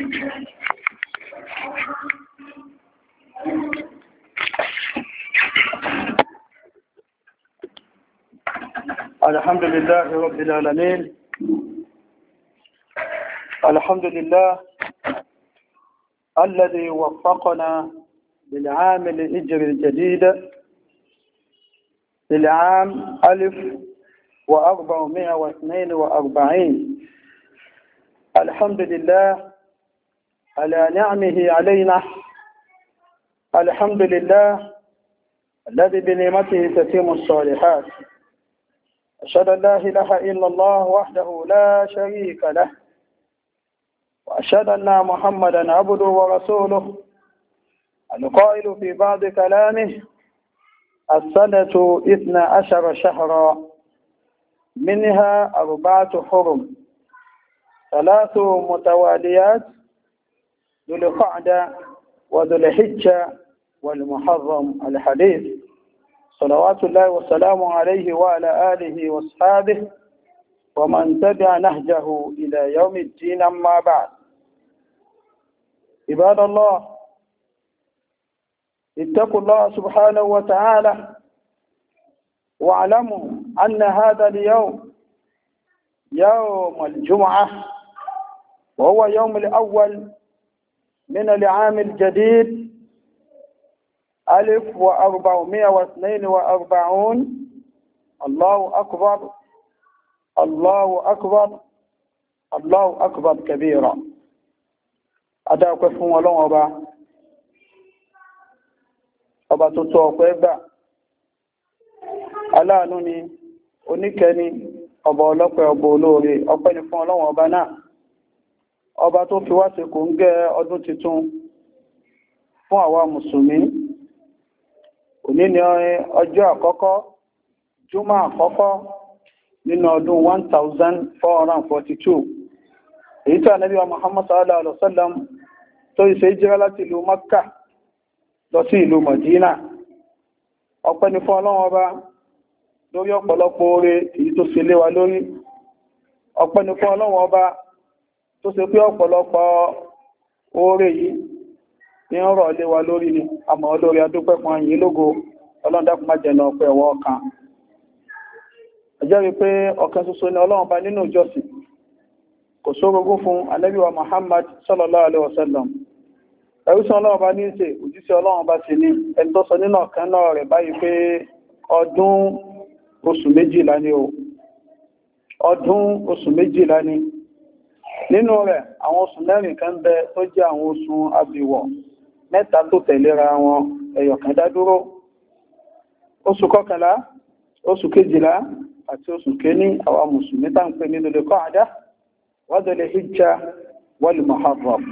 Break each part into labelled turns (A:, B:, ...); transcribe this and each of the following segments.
A: الحمد لله رب العالمين الحمد لله الذي وفقنا للعام الهجري الجديد للعام ألف وأربعمائة واثنين وأربعين الحمد لله على نعمه علينا الحمد لله الذي بنعمته تتم الصالحات أشهد أن لا إله إلا الله وحده لا شريك له وأشهد أن محمدا عبده ورسوله القائل في بعض كلامه السنة إثنى عشر شهرا منها أربعة حرم ثلاث متواليات ذو القعدة وذو الحجة والمحرم الحديث صلوات الله وسلامه عليه وعلى آله وأصحابه ومن تبع نهجه إلى يوم الدين أما بعد عباد الله اتقوا الله سبحانه وتعالى واعلموا أن هذا اليوم يوم الجمعة وهو يوم الأول من العام الجديد ألف وأربعمائة واثنين وأربعون الله أكبر الله أكبر الله أكبر كبيرا أدعوك فهم ولو أبا أبا تتوقع أبا aláàánú ni oníkẹni ọba ọlọ́pẹ́ ọba olóore ọpẹ́ ni fún ọlọ́wọ̀n ọba náà ọba tó fi wá ṣe kòńgẹ́ ọdún titun fún àwa musulmi òní ni ọjọ́ àkọ́kọ́ júmọ́ àkọ́kọ́ nínú ọdún 1442 èyí tí ànábì wa tó ṣe hijira láti ìlú Makka lọ sí ìlú Madina ọpẹ́ ni fún Ọlọ́run ọba lórí ọ̀pọ̀lọpọ̀ oore èyí tó tó ṣe pé ọ̀pọ̀lọpọ̀ oore yìí ní ń rọ̀ wa lórí ni àmọ́ olórí adúpẹ́ fún lógo ọlọ́ndàkùn má jẹ́ lọ pé ẹ̀wọ́ ọkàn àjẹ́rí pé ọ̀kan ni ọlọ́run bá nínú ìjọsìn kò sórogún fún ànábì Muhammad ni nínú rẹ̀ àwọn oṣù mẹ́rin kan bẹ tó jẹ́ àwọn oṣù abìwọ̀ mẹ́ta tó tẹ̀léra wọn ẹ̀yọ̀kan dádúró oṣù kọkànlá oṣù kejìlá àti oṣù kéní àwọn mùsùlùmí tá ń pè nínú lè kọ́ àdá wádọ́lẹ̀ hijja wal muharram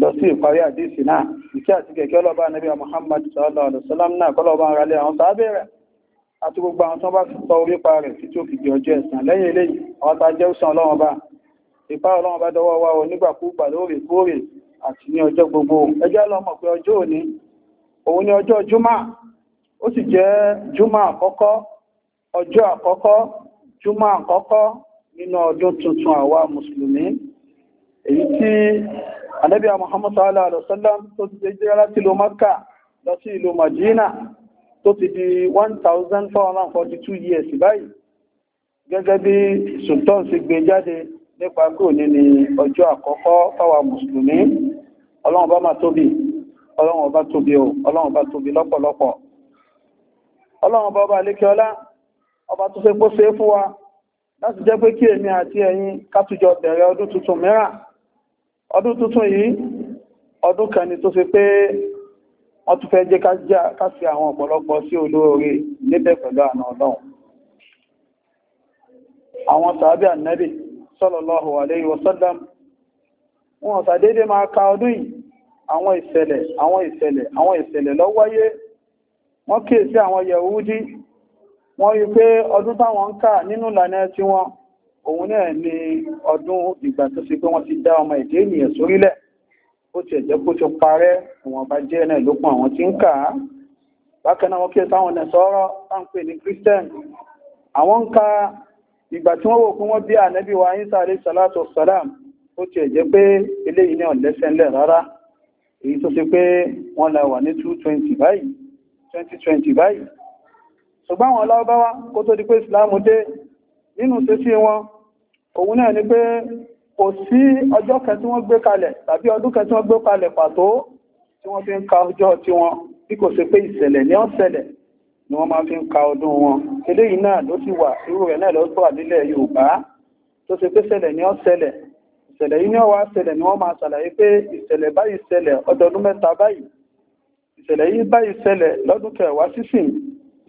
A: lọ sí ìparí àdísì náà ìkí àti kẹ̀kẹ́ ọlọ́bá nàbí Muhammad sallallahu alaihi wasallam náà kọlọ́bá ń ralẹ̀ àwọn sábẹ́ rẹ̀ àti gbogbo àwọn tó bá sọ orípa rẹ̀ títí ó fi di ọjọ́ ẹ̀san lẹ́yìn eléyìí àwọn tá jẹ́ òsàn ọlọ́wọ́n bá ìpá ọlọ́run bá dọwọ́ wa o nígbàkúgbà lóòrèkóòrè àti ní ọjọ́ gbogbo ẹjẹ́ lọ́mọ̀ pé ọjọ́ òní òun ni ọjọ́ júmà ó sì jẹ́ júmà àkọ́kọ́ ọjọ́ àkọ́kọ́ júmà àkọ́kọ́ nínú ọdún tuntun àwa mùsùlùmí èyí tí Ànábì Muhammad sallallahu alaihi wasallam tó ti jẹ́ láti ìlú 1442 years báyìí gẹ́gẹ́ bí sultan sì gbé jáde nípa pé òní ni ọjọ́ àkọ́kọ́ fáwa mùsùlùmí ọlọ́run bá máa tóbi ọlọ́run ọba tóbi o ọlọ́run bá tóbi lọ́pọ̀lọpọ̀ ọlọ́run bá ọba lékeọlá ọba tó fẹ́ pósẹ́ fún wa láti jẹ́ pé kí èmi àti ẹ̀yin kátùjọ bẹ̀rẹ̀ ọdún tuntun mìíràn ọdún tuntun yìí ọdún kan ni tó fi pé wọ́n tún fẹ́ jẹ́ ká sí àwọn ọ̀pọ̀lọpọ̀ sí olóore níbẹ̀ pẹ̀lú àna ọlọ́run àwọn tàbí ànẹ́bì sallallahu alayhi wa sallam wọn ṣàdédé máa ka ọdún yìí àwọn ìṣẹ̀lẹ̀ àwọn ìṣẹ̀lẹ̀ àwọn ìṣẹ̀lẹ̀ ló wáyé wọ́n kíyèsí àwọn yẹ̀húdí wọ́n rí pé ọdún táwọn ń kà nínú ìlànà tí wọ́n òun náà ni ọdún ìgbà tó ṣe pé wọ́n ti dá ọmọ èdè ènìyàn sórílẹ̀ ó ti ẹ̀jẹ̀ kó ti parẹ́ ìwọ̀n bá jẹ́ náà lókun àwọn tí ń kà á bákan náà wọ́n kíyèsí àwọn nẹ̀sọ́rọ́ táwọn pè ní Christian àwọn ń ka ìgbà tí wọ́n wò pé wọ́n bí ànábì wa ayín sáré salatu salam ó ti ẹ̀jẹ́ pé eléyìí ní ọ̀lẹ́sẹ̀ńlẹ̀ rárá èyí tó ṣe pé wọ́n la wà ní 220 báyìí 2020 báyìí ṣùgbọ́n àwọn Lárúbáwá kó tó di pé Islam dé nínú ṣe sí wọn òun náà ni pé kò sí ọjọ́ kan tí wọ́n gbé kalẹ̀ tàbí ọdún kan tí wọ́n gbé kalẹ̀ pàtó tí wọ́n fi ń ka ọjọ́ tiwọn bí kò ṣe pé ìṣẹ̀lẹ̀ ni ó ni wọ́n máa fi ń ka ọdún wọn eléyìí náà ló sì wà irú rẹ̀ náà lọ́tọ́ àdílẹ̀ Yorùbá tó ṣe pé ṣẹlẹ̀ ni ó ṣẹlẹ̀ ìṣẹ̀lẹ̀ yìí ni ó wá ṣẹlẹ̀ ni wọ́n máa ṣàlàyé pé ìṣẹ̀lẹ̀ báyìí ṣẹlẹ̀ ọdọọdún mẹ́ta báyìí ìṣẹ̀lẹ̀ yìí báyìí ṣẹlẹ̀ lọ́dún kẹwàá sísìn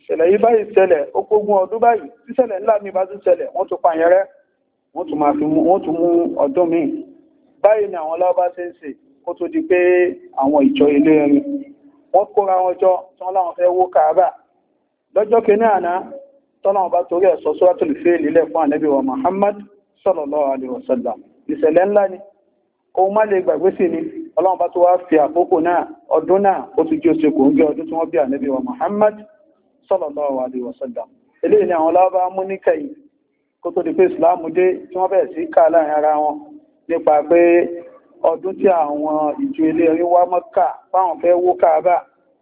A: ìṣẹ̀lẹ̀ yìí báyìí ṣẹlẹ̀ ó pógún ọdún báyìí tíṣẹ̀lẹ̀ ńlá mi bá tún ṣẹlẹ̀ wọ́n tún pààyàn wọ́n tún máa fi wọ́n tún mú ọdún míì báyìí ni àwọn lọ́wọ́ ṣe ń ṣe kó tó di pé àwọn ìjọ ilé ẹni wọ́n kóra wọn jọ tí wọ́n láwọn fẹ́ wó Káàbà lọ́jọ́ kìíní àná tọ́nà ọba torí ẹ̀sọ́ suratul Fil ilẹ̀ fún ànábì wa Muhammad sallallahu alaihi wasallam ìṣẹ̀lẹ̀ ńlá ni ohun má lè gbàgbé sí ni ọlọ́run bá tó wá fi àkókò náà ọdún náà ó ti jí ó ṣe kò ń gẹ ọdún tí wọ́n bí ànábì wa Muhammad sallallahu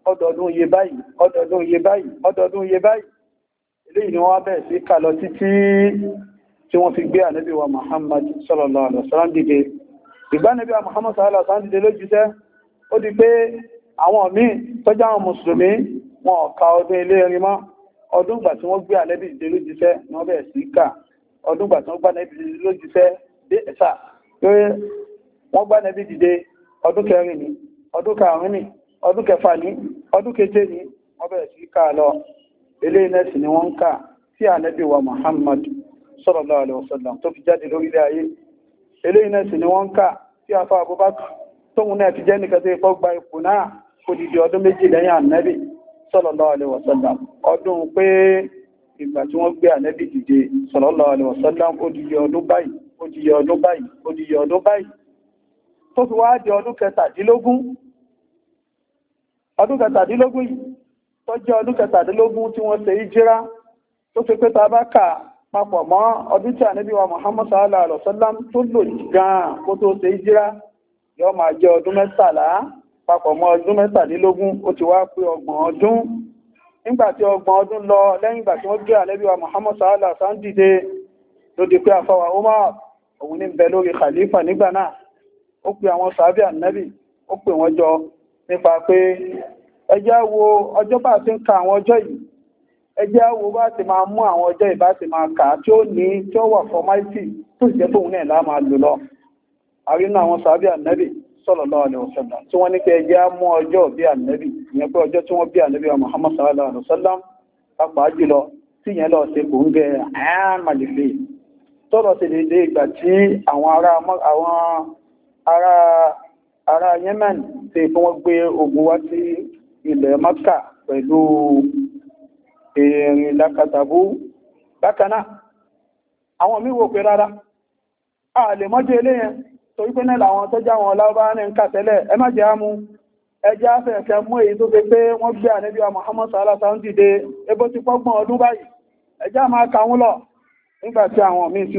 A: ọdọọdún iye báyìí ọdọọdún iye báyìí ọdọọdún iye báyìí eléyìí ni wọ́n bẹ̀rẹ̀ sí kà lọ títí tí wọ́n fi gbé ànábì wa Muhammad sallallahu alaihi wasallam dìde ìgbà ànábì wa Muhammad sallallahu alaihi wasallam dìde lójúṣẹ́ ó di pé àwọn míì tọ́jú àwọn mùsùlùmí wọn ò ka ọdún ilé ẹrin mọ́ ọdún ìgbà tí wọ́n gbé ànábì dìde lójúṣẹ́ ni wọ́n bẹ̀rẹ̀ sí kà ọdún ìgbà tí wọ́n gbá ànábì dìde lójúṣẹ́ dé ẹ̀sà pé wọ́n gbá ànábì dìde ọdún kẹrin ni ọdún karùn-ún ni ọdún kẹfà ní ọdún keje ní wọ́n bẹ̀rẹ̀ sí ká lọ ilé nẹ́sì ni wa Muhammad sallallahu alaihi wasallam tó fi jáde lórílẹ̀ ayé ilé nẹ́sì ni wọ́n ń kà tí afọ Abubakar tóun náà ti jẹ́ nìkan sallallahu alaihi wasallam ọdún pé ìgbà tí wọ́n sallallahu alaihi wasallam ó dìde ọdún báyìí ó dìde ọdún báyìí ó dìde ọdún kẹtàdínlógún yìí tó jẹ́ ọdún kẹtàdínlógún tí wọ́n ṣe ìjírá tó ṣe pé ta bá kà papọ̀ mọ́ ọdún tí ànábì wa Muhammad sallallahu alaihi wasallam tó lò gan-an kó tó ṣe ìjírá yóò máa jẹ́ ọdún mẹ́tàlá papọ̀ mọ́ ọdún mẹ́tàdínlógún ó ti wá pé ọgbọ̀n ọdún nígbà tí ọgbọ̀n ọdún lọ lẹ́yìn ìgbà tí wọ́n wa Muhammad sallallahu alaihi khalifa nígbà náà ó pe àwọn sàábì ànábì ó pè nípa pé ẹjẹ́ wo ọjọ́ bá ti ń ka àwọn ọjọ́ yìí ẹjẹ́ wo bá ti máa mú àwọn ọjọ́ yìí bá ti máa kà á tí ó ní tí ó wà fọmáìtì tó sì tóun náà láà máa lò lọ àrínú àwọn sàábì ànẹ́bì sallallahu alaihi wasallam tí wọ́n ní pé ẹjẹ́ mú ọjọ́ bí ànẹ́bì ìyẹn pé ọjọ́ tí wọ́n bí ànẹ́bì wa Muhammad sallallahu alaihi wasallam pàápàá jùlọ tí ìyẹn lọ ṣe kò ń gẹ tọ́lọ̀ ti lè dé ìgbà tí àwọn ará yemen ṣe fún wọ́n gbé ogun wá sí ilẹ̀ maka pẹ̀lú erin lákàtàbú bákanáà àwọn míwò pé rárá a lè mọ́jú eléyẹn tó wípé náà làwọn tó já wọn lábá ní ń kàtẹ́lẹ̀ ẹ má jẹ́ ámú ẹjá fẹ̀ẹ̀fẹ́ mú èyí tó fẹ́ pé wọ́n gbé ànẹ́bí wa Muhammad salasa ń dìde ebó ti pọ́gbọ̀n ọdún báyìí ẹjá máa kàún lọ nígbà tí àwọn míì sì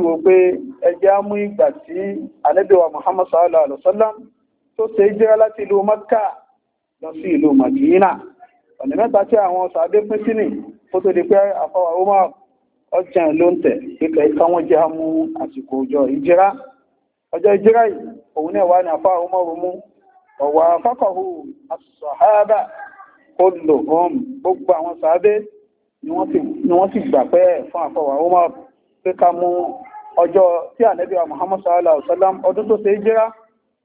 A: Muhammad sallallahu alaihi wasallam tó ṣe jẹ́ láti ìlú Mẹ́kà lọ sí ìlú Màdínà ọ̀nà mẹ́ta tí àwọn sàádé pín sí nì kó tó di pé àfọwà ó máa ọjà ló ń tẹ̀ ìkẹ̀ ìkà wọn jẹ́ mú àsìkò ọjọ́ ìjírá ọjọ́ ìjírá yìí òun náà wà ní àfọwà ó máa mú ọ̀wà fákọ̀hù asọ̀háábà kó lò hàn gbogbo àwọn sàádé ni wọ́n sì gbà pẹ́ fún àfọwà ó máa pé ká mú ọjọ́ tí ànẹ́bíwà Muhammad sallallahu alaihi wasallam ọdún tó ṣe ìjírá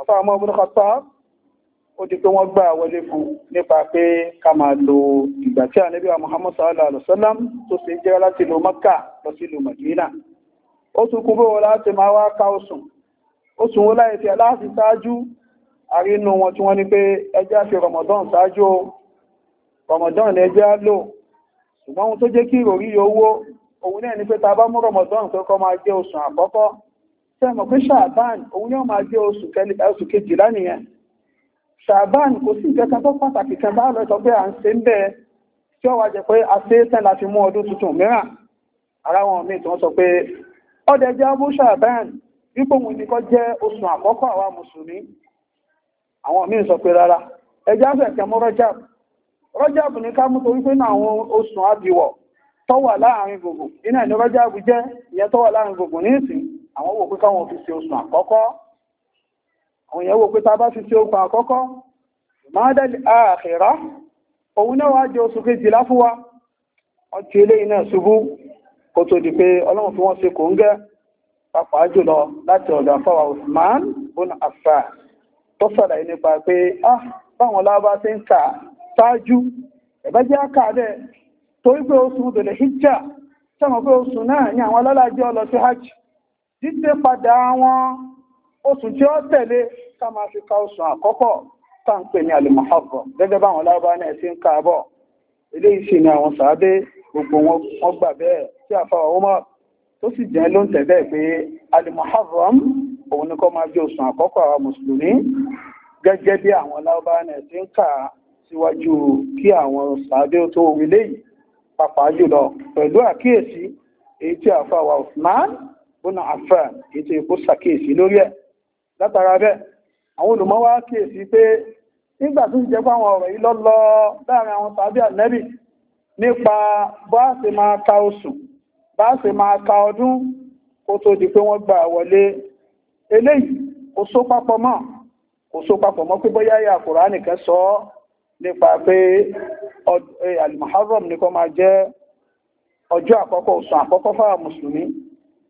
A: àfáàmọ́ ọmọdé kọta ó di pé wọ́n gbà wọlé fún nípa pé ká máa lo ìgbà tí ànábì wa Muhammad sallallahu alaihi wasallam tó ṣe jẹ́ láti lo Mọ́kà lọ sí ìlú Madina ó tún kún bó láti máa wá ká òsùn ó tún Ramadan ṣáájú Ramadan ní ẹjá lò ṣùgbọ́n ohun tó jẹ́ kí ìròrí owó òun náà ní pé ta bá mú Ramadan tó kọ́ máa jẹ́ òsùn àkọ́kọ́ sẹ́mọ̀ pé ṣàbán òun yóò máa jẹ́ oṣù kejìlá nìyẹn ṣàbán kò sí tó pàtàkì kan bá lọ́tọ̀ pé à ń se ń bẹ́ẹ̀ tí ó pé a ṣe tẹ́ fi mú ọdún tuntun mìíràn ara wọn mi tó ń sọ pé ọdẹ jẹ́ abú ṣàbán wípé òun nìkan jẹ́ oṣù àkọ́kọ́ àwa mùsùlùmí àwọn mi sọ pé rárá ẹjá fẹ̀ kẹ́ mú rọ́jàb ní ká àwọn oṣù àbíwọ̀ àwọn wò pé káwọn fi ṣe oṣù àkọ́kọ́ àwọn èèyàn wò pé ta bá fi ṣe oṣù àkọ́kọ́ mádàlì ààkìrá òun náà wá jẹ oṣù kejìlá fún wa wọ́n ti ilé iná ṣubú kó tó di pé ọlọ́run fi wọ́n ṣe kò ń gẹ́ pàpàá jùlọ láti ọ̀dọ̀ àfáwà Usman bun Affan tó sàlàyé nípa pé ah báwọn lábá ti ń kà ṣáájú ẹ̀bẹ́jẹ́ àkà rẹ̀ torí pé oṣù tòlẹ̀ hijja sẹ́mọ̀ pé oṣù náà ni àwọn alálàájẹ́ ọlọ́sí hajj dídé padà wọn oṣù tí ó tẹ̀lé ká máa fi ka oṣù àkọ́kọ̀ tá ń pè ní alimahabọ gẹ́gẹ́ báwọn lábá náà ṣe ń káàbọ̀ eléyìí sì ni àwọn sàádé gbogbo wọn gbà bẹ́ẹ̀ tí àfàwà ọmọ tó sì jẹ́ ló ń tẹ̀ bẹ́ẹ̀ pé alimahabọ òun ni kọ́ máa jẹ́ oṣù àkọ́kọ̀ àwọn mùsùlùmí gẹ́gẹ́ bí àwọn lábá náà ṣe ń kà síwájú kí àwọn sàádé tó wí léyìí pàpà jùlọ pẹ̀lú àkíyèsí èyí tí àfàwà Usman bọ́nà Affan ètò èkó sàkíyèsí lórí ẹ̀ látara bẹ́ẹ̀ àwọn olùmọ̀ wá kíyèsí pé nígbà tó ti jẹ́ pé àwọn ọ̀rọ̀ yìí lọ́lọ́ láàrin àwọn tàbí ànẹ́bì nípa bá a ṣe máa ka oṣù bá a ṣe máa ka ọdún kó tó di pé wọ́n gbà wọlé eléyìí kò só papọ̀ mọ́ kò só papọ̀ mọ́ pé bóyá ìyá Kùránì kan sọ ọ́ nípa pé eh, al-Muharram nìkan máa jẹ́ ọjọ́ àkọ́kọ́ oṣù àkọ́kọ́ fáwọn mùsùlùmí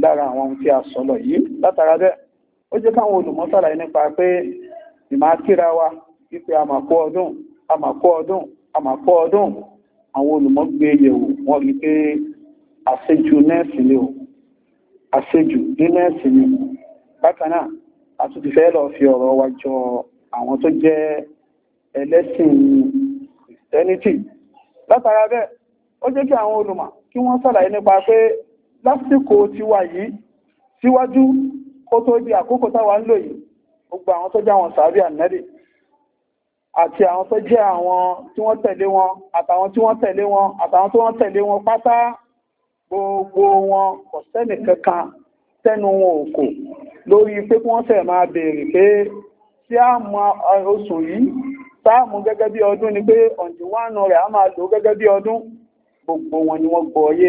A: lára àwọn ohun tí a sọ̀lọ̀ yìí látara bẹ́ ó jẹ́ káwọn olùmọ́sàlà yìí nípa pé ìmákíra wa wípé a máa kó ọdún a máa kó ọdún a máa kó ọdún àwọn olùmọ́ gbé yẹ̀wò wọ́n rí pé àṣejù nẹ́ẹ̀sì ni o àṣejù ní nẹ́ẹ̀sì ni bákan náà a tún ti fẹ́ lọ fi ọ̀rọ̀ wa jọ àwọn tó jẹ́ ẹlẹ́sìn Christianity látara bẹ́ẹ̀ ó jẹ́ kí àwọn olùmọ̀ kí wọ́n sàlàyé nípa pé lásìkò ti wà yìí síwájú kó tó di àkókò táwa ń lò yìí gbogbo àwọn tó jẹ́ àwọn sàárì ànẹ́rì àti àwọn tó jẹ́ àwọn tí wọ́n tẹ̀lé wọn àtàwọn tí wọ́n tẹ̀lé wọn àtàwọn tí wọ́n tẹ̀lé wọn pátá gbogbo wọn kò sẹ́nì kankan tẹ́nu wọn ò kò lórí pé kí wọ́n sẹ̀ máa béèrè pé tí a mọ oṣù yìí táàmù gẹ́gẹ́ bí ọdún ni pé ọ̀dìnwánu rẹ̀ a máa lò gẹ́gẹ́ bí ọdún gbogbo wọn ni wọ́n gbọ́ yé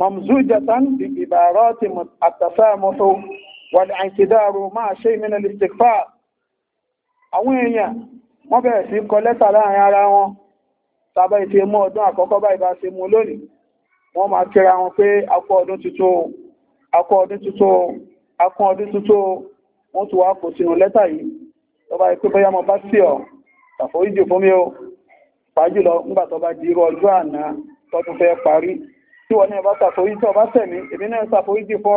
A: ممزوجة بعبارات التسامح والاعتذار مع شيء من الاستغفار àwọn èèyàn wọ́n bẹ̀rẹ̀ sí kọ lẹ́tà láàrin ara wọn tàbá ìtì mú ọdún àkọ́kọ́ báyìí bá ṣe mú lónìí wọ́n máa kíra wọn pé akọ ọdún tuntun akọ ọdún tuntun akọ ọdún tuntun wọ́n tún wá kò sínú lẹ́tà yìí tó bá pé bóyá bá sí ọ tí wọ́n ní ọba ṣàforíjì tí ọba tẹ̀mí èmi náà ṣàforíjì fọ́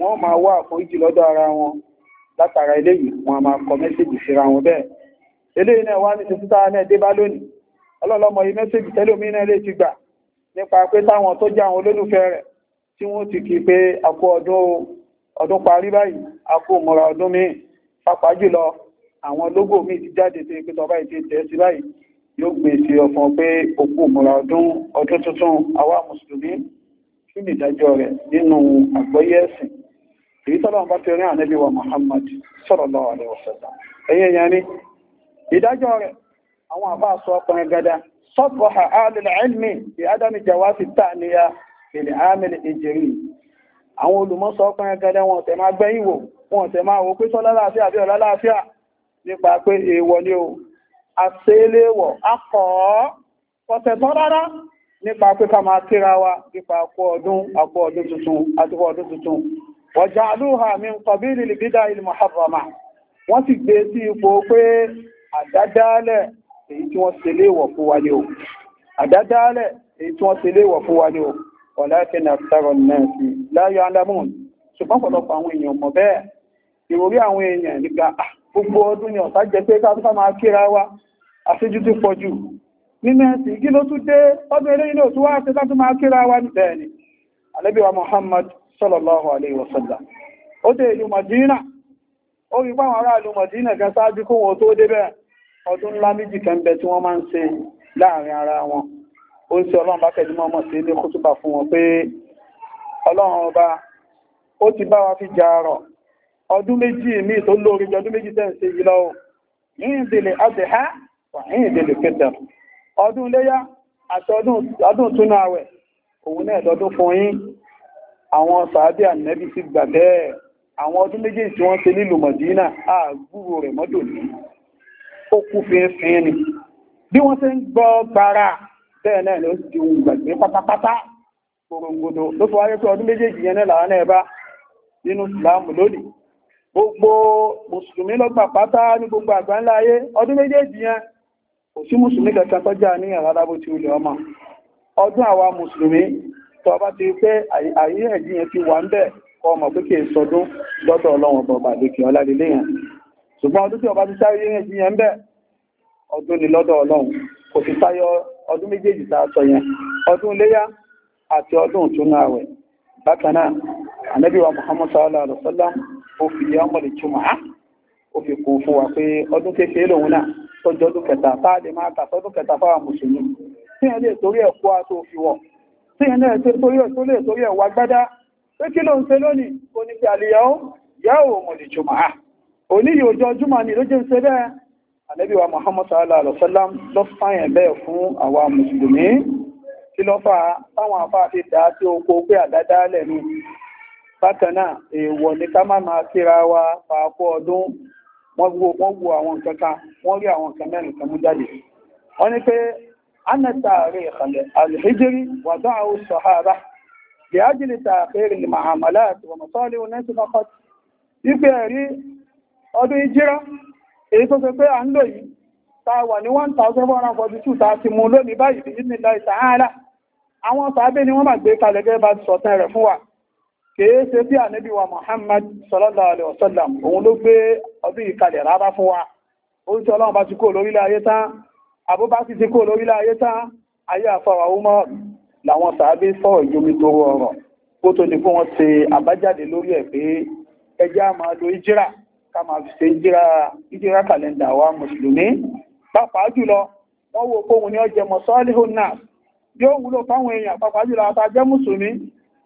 A: wọn máa wá àforíjì lọ́dọ̀ ara wọn látara eléyìí wọn máa kọ mẹ́sẹ̀jì síra wọn bẹ́ẹ̀ eléyìí náà wá ní ti títà náà dé bá lónìí ọlọ́lọ́mọ yìí mẹ́sẹ̀jì tẹ́lómi náà lè ti gbà nípa pé táwọn tó jẹ́ àwọn olólùfẹ́ rẹ̀ tí wọ́n ti kí pé àkó ọdún ọdún parí báyìí àkó mọ̀ra ọdún míì pàápàá jùlọ àwọn lógò míì ti jáde tó yẹ pé tọba ìdí tẹ̀ báyìí yóò gbé sí ọkàn pé òkú múra ọdún ọdún tuntun àwa mùsùlùmí kí ìdájọ́ rẹ̀ nínú àgbọ́yé ẹ̀sìn èyí rí wa Muhammad ẹ̀yẹ ni ìdájọ́ rẹ̀ àwọn àbá sọ ọkùnrin gada sọ́pọ̀ ha alìlẹ̀ ẹ̀lmì bí ádámì jàwá fi ya ilẹ̀ àmìlì ìjìrì àwọn wọn tẹ̀ máa gbẹ́yìnwó wọn tẹ̀ máa pé sọ́lá láàfíà bí ọ̀lá láàfíà nípa pé èèwọ̀ àṣẹ́léwọ̀ akọ̀ọ́ ọ̀tẹ̀tọ́ rárá nípa pípa máa kíra wa nípa àkú ọdún àkú ọdún tuntun àti ọdún tuntun ọjà alúhà mi ń kọ̀ bí ìlú bídá ìlú muharrama wọ́n ti gbé sí ipò pé àdádálẹ̀ èyí tí wọ́n ṣe léèwọ̀ fún wa ní o àdádálẹ̀ èyí tí wọ́n ṣe léèwọ̀ fún wa ní o ọ̀lákin àtàrọ̀ náà láyọ̀ alámùn ṣùgbọ́n pọ̀lọpọ̀ àwọn èèyàn mọ̀ bẹ́ẹ̀ ìròrí àwọn èèyàn nígbà gbogbo ọdún ni ọ̀tá jẹ pé káàkiri máa kíra wa àṣejù ti pọ̀ jù nínú ẹ̀sìn kí ló tún dé ọdún eléyìn ló tún wá ṣe láti máa kíra wa bẹ́ẹ̀ ni wa Muhammad sallallahu alaihi wasallam ó dé ìlú Madina ó rí pàwọn ará ìlú Madina gan sáájú kó wọn tó débẹ̀ ọdún ńlá méjì kan bẹ tí wọ́n máa ń ṣe láàrin ara wọn ó ń ṣe ọlọ́run bá kẹ́lú mọ́mọ́ sí ilé kútùbà fún wọn pé ọlọ́run ọdún méjì mi tó lórí ọdún méjì tẹ́ ń ṣe yìí lọ́wọ́ ìdílé adìhá wà ìdílé kẹta ọdún léyá àti ọdún túnú àwẹ̀ òun náà dọdún fún yín àwọn sàábí ànẹ́bí ti gbà bẹ́ẹ̀ àwọn ọdún méjì tí wọ́n ṣe nílùú mọ̀dínà àgbúrò rẹ̀ mọ́dò ní ó ni bí wọ́n ṣe ń gbọ́ gbára bẹ́ẹ̀ náà ló ti wù gbàgbé pátápátá korongodo ló fi wáyé pé ọdún méjèèjì yẹn náà làwọn náà nínú ìsìlámù lónìí gbogbo musulmi lọ́gbà pátá ní gbogbo àgbáńlá ayé ọdún méjèèjì yẹn kò sí musulmi kankan tọ́jà ní àrádábó ti olè ọmọ ọdún àwa mùsùlùmí tó bá ti pé ayé yẹn ti wà ń bẹ̀ kọ ọmọ pé kí sọdún lọ́dọ̀ ọba ti sáré yẹn bẹ̀ ọdún ni lọ́dọ̀ kò sì sáyọ ọdún méjèèjì tá a sọ yẹn ọdún àti ọdún ìtúnú àwẹ̀ bákan náà ó fi ọmọlè túmọ̀ á ó fi kún fún wa pé ọdún kékeré lòun náà tọ́jú ọdún kẹta tá a lè máa kà sọ́dún kẹta fáwọn mùsùlùmí tí ẹ lè torí ẹ̀ kó a tó fi wọ̀ tí ẹ náà torí ẹ̀ tó lè torí ẹ̀ wá gbádá pé kí ló ń ṣe lónìí ó ní pé àlèyàwó yàwó ọmọlè túmọ̀ á òní yìí ọjọ́ júmọ̀ ni ló jẹ́ ń ṣe bẹ́ẹ̀ ànábì wa muhammad sallallahu alaihi wasallam ló fàyàn bẹ́ẹ̀ fún àwa mùsùlùmí kí ló fà táwọn afáàfi dá sí oko pé àdádálẹ̀ ni bákan náà èèwọ̀ ní ká má máa kíra wa pàápọ̀ ọdún wọ́n wo wọ́n wo àwọn nǹkan kan wọ́n rí àwọn nǹkan mẹ́rin kan mú jáde wọ́n ní pé anata rẹ̀ ìkàlẹ̀ alhijiri wàdán àwọn sọ̀hábà bí ájìlì tààfẹ́rì lè máa àmàlà àti wọ̀mọ̀tọ́lẹ̀ onẹ́sì kọ́kọ́ wípé ẹ̀rí ọdún ìjírá èyí tó ṣe pé à ń lò yìí ta wà ní 1442 ta ti mú lónìí báyìí nílẹ̀ ìtàhálà àwọn sàábé ni wọ́n máa gbé kalẹ̀ gẹ́gẹ́ bá sọ̀tẹ̀ rẹ̀ fún wa kèése bí ànábì wa Muhammad sallallahu alaihi wasallam òun ló gbé ọdún ìkalẹ̀ rárá fún wa ó ti ọlọ́run bá ti kó lórílẹ̀ ayé tán àbúbá ti ti kó lórílẹ̀ ayé tán ayé àfọwà ọmọ làwọn sàábé fọ́ ìjomi tó rọrọ̀ kó tó ní fún wọn ṣe àbájáde lórí ẹ̀ pé ẹjẹ́ a máa lo ìjírà ká máa fi ṣe ìjírà kàlẹ́ndà wa mùsùlùmí pàápàá jùlọ wọ́n wo kóhun ní ọjẹ́ mọ̀sọ́lẹ́hùn náà yóò wúlò fáwọn èèyàn pàápàá jùlọ àtàjẹ́ mùsùlùmí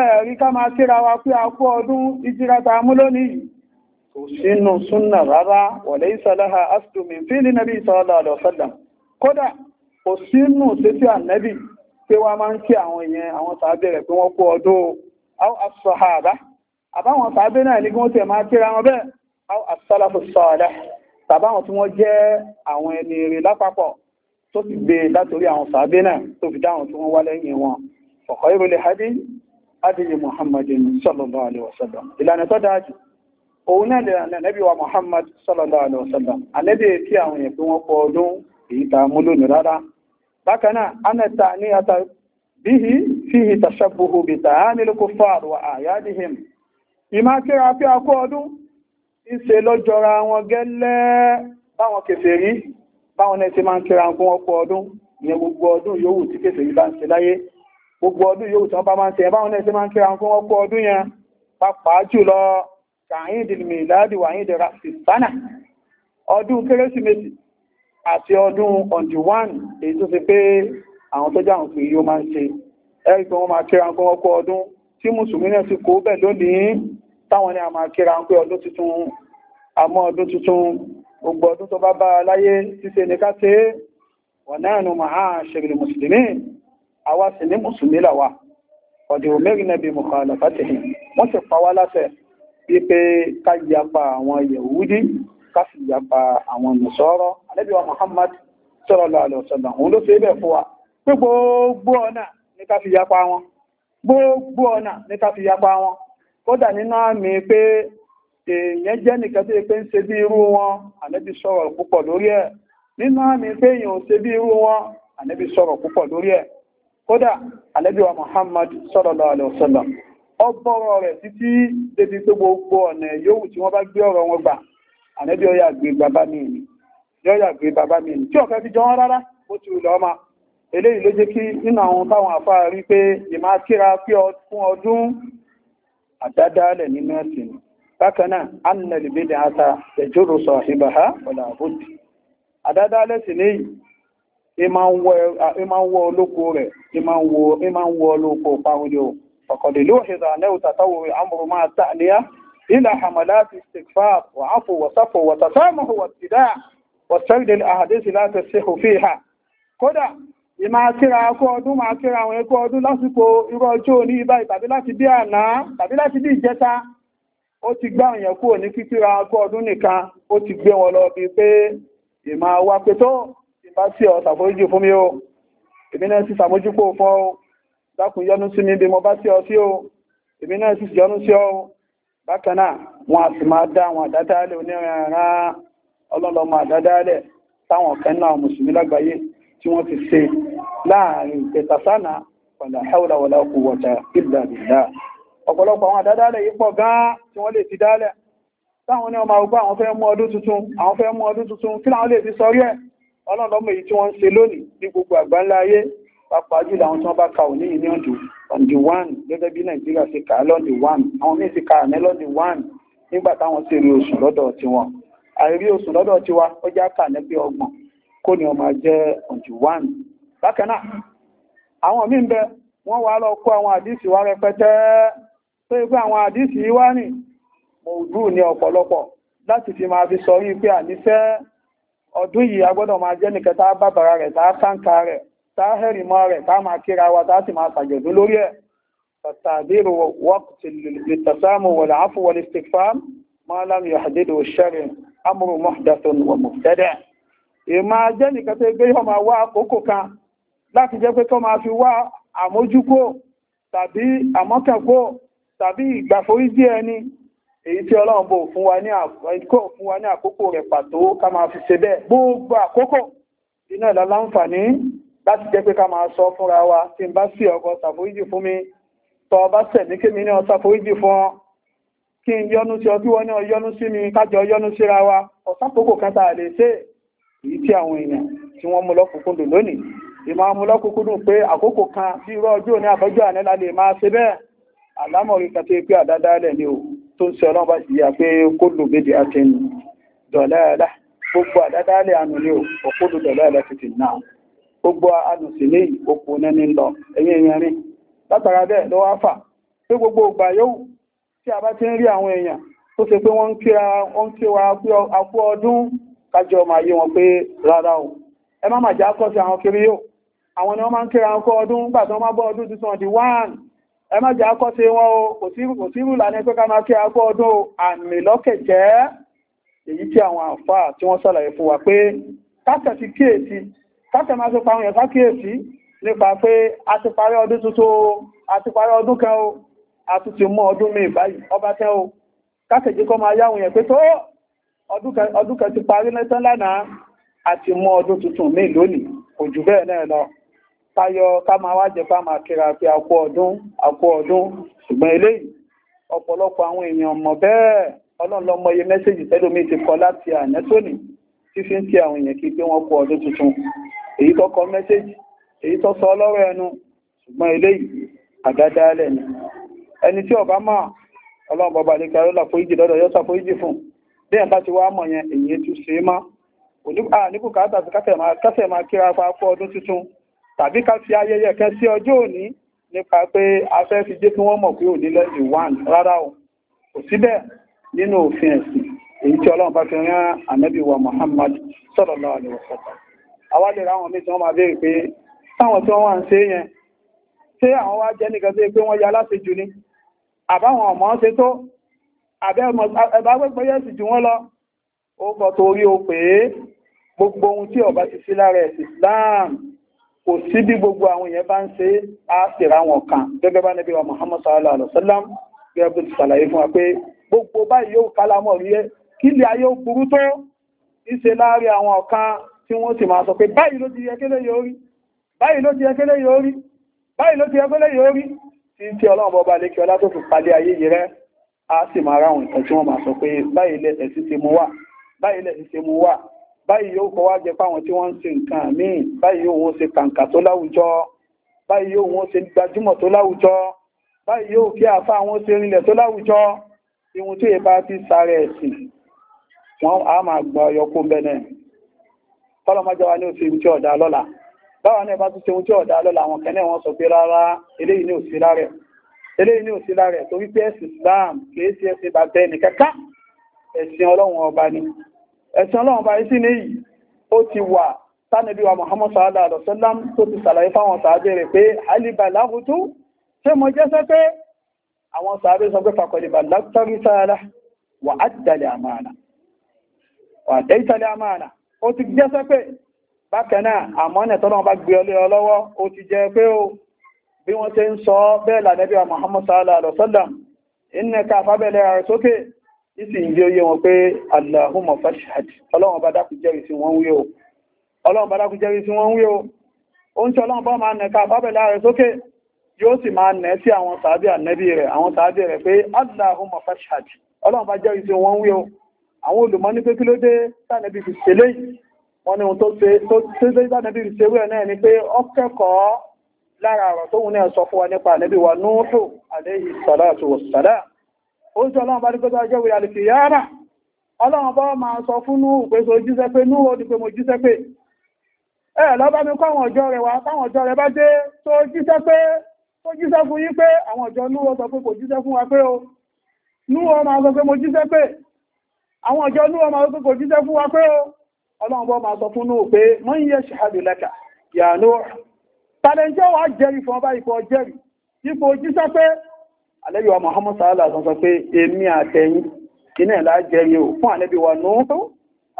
A: ẹ̀rí ká máa kíra wa pé a kú ọdún ìjírata amúlónìí kò sínú súnnà rárá wọ̀lẹ̀ ìsàláha astumin fílì nàbí sallallahu alaihi wasallam kódà kò sínú títí ànẹ́bì pé wá máa ń kí àwọn èèyàn àwọn sàábẹ̀ rẹ̀ pé wọ́n kú ọdún asọ̀hàbá àbáwọn sàábẹ̀ náà ní kí wọ́n tẹ̀ máa kíra wọn bẹ́ẹ̀ asọ́láfù sọ́ọ̀dá tàbáwọn tí wọ́n jẹ́ àwọn ẹni rẹ̀ lápapọ̀ tó sì gbé e látorí àwọn sàábẹ̀ náà tó fi dáwọn tí wọ́n wá lẹ́yìn wọn ọ̀kọ́ ìrọ̀lẹ̀ hadith adìyẹ muhammadin sallallahu alaihi wasallam ìlànà tó dájú òun náà lè nàbí wa muhammad sallallahu alaihi wasallam alẹ́bẹ̀ tí àwọn èèyàn pé wọ́n pọ̀ ọdún èyí ta mú lónìí rárá bákan náà anata ní ata bíhi fíhi tashabbuhu bi ta'amil kuffar wa a'yadihim ìmá kíra pé akọ ọdún ìṣe lọ́jọ́ra wọn gẹ́lẹ́ báwọn kèfèrí báwọn ẹni tí máa ń kíra pé wọ́n ọdún ìyẹn gbogbo ọdún yòówù tí kèfèrí bá ń ṣe láyé gbogbo ọdún yóò tán bá máa ń ṣe ẹbáwọn náà ṣe máa ń kíra fún wọn kó ọdún yẹn pàápàá jùlọ kàáyìndìlmì láàdì wàáyìndì rásìtánà ọdún kérésìmesì àti ọdún ọ̀dì wán èyí tó ṣe pé àwọn tó jáwọn pé yóò máa ń ṣe ẹ̀rí pé wọ́n máa kíra fún wọn kó ọdún tí mùsùlùmí náà ti kó bẹ̀ lónìí táwọn ni a máa kíra pé ọdún tuntun àmọ́ ọdún tuntun gbogbo ọdún tó bá bá láyé ṣíṣe ní àwa sì ní mùsùlùmí làwà ọ̀dìwò mẹ́rin nẹ́bí mukhalafatihi wọ́n sì pa wá láṣẹ wípé ká yapa àwọn yahudi ká sì yapa àwọn nùsọ́rọ́ alẹ́bí muhammad sallallahu alaihi wasallam òun ló ṣe bẹ̀ fún wa pé gbogbo ọ̀nà ní ká fi yapa wọn gbogbo ọ̀nà ní ká fi yapa wọn kódà nínú àmì pé èèyàn jẹ́ nìkan tó yẹ pé ń ṣe bí irú wọn ànẹ́bí sọ̀rọ̀ púpọ̀ lórí ẹ̀ nínú àmì pé èèyàn ò ṣe bí irú wọn ànẹ́bí sọ̀rọ̀ púpọ̀ lórí ẹ̀ kódà alẹ́bíwa Muhammad sallallahu alaihi wasallam ọ bọ́rọ̀ rẹ̀ títí débi tó gbogbo ọ̀nà yòówù tí wọ́n bá gbé ọ̀rọ̀ wọn gbà alẹ́bí ya gbé bàbá mi ni yọ́yà gbé bàbá mi ni tí ọ̀fẹ́ fi jọ wọ́n rárá ó ti rùlọ ọmọ eléyìí ló jẹ́ kí nínú àwọn táwọn rí pé fún ọdún àdádálẹ̀ nínú ẹ̀sìn bákan náà annalibidi ata ọ̀là àbòdì àdádálẹ̀ sì ìmá ń wọ olóko rẹ̀ ìmá ń wọ olóko pàwọlé o ọ̀kọ̀dé ló ṣẹ̀dà lẹ́wọ̀ tàtàwò àmúrù máa tààlẹ́yà ilẹ̀ àmàlá ti sèkfà wàáfò wọ̀sáfò wọ̀tàtàmọ̀ wọ̀tìdá wọ̀sẹ́rìdẹ̀ àhàdésì láti sèkò fi hà kódà ìmá kíra akọ́ ọdún máa kíra àwọn ẹkọ́ ọdún lásìkò irú ọjọ́ òní ibà tàbí láti bí àná tàbí láti bí ìjẹta ó ti gbá òyìn kúrò ní kíkíra akọ́ ọdún nìkan ó ti gbé wọn lọ bí pé ìmá wa pé bá tí ọ ṣàforíjì fún mi o èmi náà sì ṣàmójúpò fún ọ dákun yọ́nú sí mi bí mo bá tí ọ sí o èmi náà sì yọ́nú sí ọ bákan náà wọn a sì máa dá àwọn àdádálẹ̀ onírìnrìn ọlọ́lọ́mọ àdádálẹ̀ táwọn kan náà mùsùlùmí lágbàáyé tí wọ́n ti ṣe láàrin ìpẹ̀tàsánà wala hawla wala quwwata illa billah ọ̀pọ̀lọpọ̀ àwọn àdádálẹ̀ yìí pọ̀ gan-an tí wọ́n lè ti dálẹ̀ táwọn ní ọmọ ogbó àwọn fẹ́ mú ọdún tuntun àwọn fẹ́ mú ọdún tuntun kí láwọn lè fi sọrí ẹ̀ ọlọ́dọ́mọ èyí tí wọ́n ń ṣe lónìí ní gbogbo àgbáńlá ayé pàápàá jùlọ àwọn tí wọ́n bá ka òní ní ọ̀dọ̀ ọ̀dọ̀ one gẹ́gẹ́ bí nàìjíríà ṣe kà á lọ́dọ̀ one àwọn míì ti ka àná lọ́dọ̀ one nígbà táwọn ṣe rí oṣù lọ́dọ̀ tiwọn àìrí oṣù lọ́dọ̀ tiwa ó já kà ní pé ọgbọ̀n kó ni ọmọ jẹ́ ọ̀dọ̀ one bákan náà àwọn míì ń bẹ wọ́n wá lọ kó àwọn àdísì wá rẹpẹtẹ tó yẹ pé àwọn àdísì yìí wá nì mòdù ní ọ̀pọ̀lọpọ̀ láti fi máa fi sọ yìí pé àníṣẹ́ ọdún yìí agbọ́dọ̀ máa jẹ́ nìkan tá bàbàrà rẹ̀ tá sáǹkà rẹ̀ tá hẹ́rìmọ́ rẹ̀ tá máa kíra wa tá sì máa ṣàjọ̀dún lórí ẹ̀ tàbíru wọ́pùtì lìtàsámù wọ̀lá àfúwọ̀lì stifam máa lámì àdédò ṣẹ́rin amúrù mọ́dàtún wọ̀ mọ̀tẹ́dẹ̀ tàbí àmọ́kẹ̀kó tàbí ìgbàforíjì èyí tí ọlọ́run bò fún wa ní àkókò fún wa ní àkókò rẹ̀ pàtó ká máa fi ṣe bẹ́ẹ̀ gbogbo àkókò iná ìlà láǹfààní láti jẹ́ pé ká máa sọ fúnra wa tí n bá sí ọkọ̀ ṣàforíjì fún mi tọ́ ọ bá sẹ̀mí kémi ní ọ ṣàforíjì fún ọ kí n yọnu sí ọ kí wọ́n ní ọ yọnu sí mi kájọ yọnu síra wa ọ̀sápòkò kan tá a lè ṣe èyí tí àwọn èèyàn tí wọ́n mú lọ́kùnkúndùn lónìí ìmọ̀ mú lọ́kùnkúndùn pé àkókò kan bí irọ́ ọjọ́ ní àbọ́jọ́ àná la lè máa ṣe bẹ́ẹ̀ àlámọ̀rí kan tó pé àdádálẹ̀ ni o tó ń sọ ọlọ́run bá sì yà pé kó lò méjì àti ẹnu dọ̀láàlá gbogbo àdádálẹ̀ ànù ni òkúlù dọ̀láàlá títì náà gbogbo ànù sí ní òkú nẹni lọ ẹ̀yìn èèyàn rìn látara bẹ́ẹ̀ ló wá fà pé gbogbo ìgbà yóò tí a bá ti ń rí àwọn èèyàn tó ṣe pé wọ́n ń kíra wọ́n akú ọdún kájọ máa yé wọn pé rárá o ẹ má mà já kọ́ àwọn kiri yóò àwọn ni wọ́n máa ń kíra one ẹ má jẹ́ akọ́ sí wọn o kò sí ìrùlà ní pé ká máa kí agbọ́ ọdún àmì lọ́kẹ̀ jẹ́ èyí tí àwọn àǹfààní tí wọ́n sàlàyé fún wa pé káṣẹ̀ ti kíyèsí káṣẹ̀ máa tó pa àwọn ẹ̀fà kíyèsí nípa pé a ti parí ọdún tuntun o a ti parí ọdún kan o a tún ti mú ọdún míì báyìí ọba tẹ́ o káṣẹ̀ jẹ́ kọ́ máa yáwọn yẹn tó ọdún kan ti parí lẹ́sán lánàá a ti mú ọdún tuntun míì lónìí kò jù bẹ́ẹ̀ náà lọ tayọ ká máa wá jẹpá máa kíra pé àkú ọdún àkú ọdún ṣùgbọ́n eléyìí ọpọlọpọ àwọn èèyàn mọ̀ bẹ́ẹ̀ ọlọ́run iye ti kọ láti àná tóní fífi ń ti àwọn èèyàn kí pé tuntun èyí kọ èyí sọ ọlọrọ ẹnu eléyìí ni ẹni tí ọba ọlọrun fún bí bá ti wá yẹn èyí tún ṣe é tuntun tàbí ká fi ayẹyẹ kan sí ọjọ́ òní nípa pé a fẹ́ fi jẹ́ kí wọ́n mọ̀ pé òní lẹ́yìn one rárá o kò síbẹ̀ nínú òfin ẹ̀sìn èyí tí ọlọ́run bá fi rán ànábì wa Muhammad sallallahu alaihi wasallam àwa lè ráwọn mí tí wọ́n máa béèrè pé táwọn tí wọ́n wá ń ṣe yẹn ṣé àwọn wá jẹ́ nìkan tó yẹ pé wọ́n ya láti jù ni àbáwọn ọmọ ṣe tó àbẹ́gbẹ́gbẹ́ yẹ́sì jù wọ́n lọ ó kọ torí o pé gbogbo ohun tí ọba ti sí lára ẹ̀sìn Islam kò sí bí gbogbo àwọn èèyàn bá ń ṣe á wọn kan gẹ́gẹ́ bá níbi wa Muhammad sallallahu alaihi wasallam gẹ́gẹ́ bí ti ṣàlàyé fún wa pé gbogbo báyìí yóò kálámọ̀ rí ẹ kí ilé ayé ó burú tó ìṣe láàrin àwọn ọ̀kan tí wọ́n sì máa sọ pé báyìí ló ti yẹ kélé yóò rí báyìí ló ti yẹ kélé yóò rí báyìí ló ti yẹ kélé yóò rí tí tí ọlọ́run bọba lékí ọlá tó fi palé ayé yìí rẹ́ á sì máa ráhùn ìtàn tí wọ́n máa sọ pé báyìí lẹ́sẹ̀ sí ti mú wà báyìí lẹ́sẹ̀ sí ti mú wà báyìí yóò kọ́ wá jẹ fáwọn tí wọ́n ń ṣe nǹkan míì báyìí yóò wọ́n ṣe kàǹkà tó láwùjọ báyìí yóò wọ́n ṣe gbajúmọ̀ tó láwùjọ báyìí yóò kí àfa wọn ṣe rinlẹ̀ tó láwùjọ ihun tí èèbá ti sáré ẹ̀sìn wọn a máa gbọ́ ọyọkú bẹ́ẹ̀ kọ́lọ́mọ́jọ́ wa ní òsì ohun tí ọ̀dà lọ́la báwa náà bá tún ṣe ohun ọ̀dà lọ́la àwọn kẹ́nẹ́ ẹ̀sìn Ọlọ́run ọba ni ẹ̀sìn ọlọ́run bá yí sí ní yìí ó ti wà tánàbí wa Muhammad sallallahu alaihi wasallam tó ti sàlàyé fáwọn sàábẹ́ rẹ̀ pé alìbà láhùtú ṣé mo jẹ́sẹ́ pé àwọn sàábẹ́ sọ pé fàkọlìbà látọ́rí sára wà á dàlẹ̀ àmàna wà dé ìtàlẹ̀ àmàna ó ti jẹ́sẹ́ pé bákan náà àmọ́nà tọ́lọ́run bá nísìnyí bí ó yé wọn pé Allahumma fashhad ọlọ́run bá dákun jẹ́rìí sí wọ́n wí o ọlọ́run bá dákun jẹ́rìí sí wọ́n wí o ó ń tí ọlọ́run bá máa nẹ̀ka àbábẹ̀lá rẹ̀ sókè yóò sì máa nẹ̀ sí àwọn sàábì ànẹ́bí rẹ̀ àwọn sàábì rẹ̀ pé Allahumma fashhad ọlọ́run bá jẹ́rìí sí wọ́n wí o àwọn olùmọ́ ní pé kí ló dé sànẹ́bí fi ṣẹlẹ̀ wọn ni ohun tó ṣe tó ṣe sànẹ́bí fi ṣerú ẹ̀ náà ni pé ó kẹ́kọ̀ọ́ lára ọ̀rọ̀ tóun náà ó sọ ọlọ́run bá dípẹ́ tó ọjọ́ ìwé àlèkè yára ọlọ́run bá máa sọ fún núhù pé so mo jíṣẹ́ pé ẹ lọ́bá mi kọ́ àwọn ọjọ́ rẹ̀ wá táwọn ọjọ́ rẹ̀ bá dé tó jíṣẹ́ pé tó jíṣẹ́ fún yín pé àwọn ọjọ́ núhù o núhù mo jíṣẹ́ pé àwọn ọjọ́ o ọlọ́run bá máa sọ fún núhù pé mọ́ ń yẹ ṣàdù lẹ́kà yà núhù tàlẹ́ńjẹ́ wa jẹ́rìí fún ọba ìfọ̀ jẹ́rìí ipò jíṣẹ́ pé àlẹ́bí wa Muhammad sallallahu alaihi wasallam pé èmi àtẹ̀yìn iná ìlàjẹ́ yìí ò fún àlẹ́bí wa Nuhu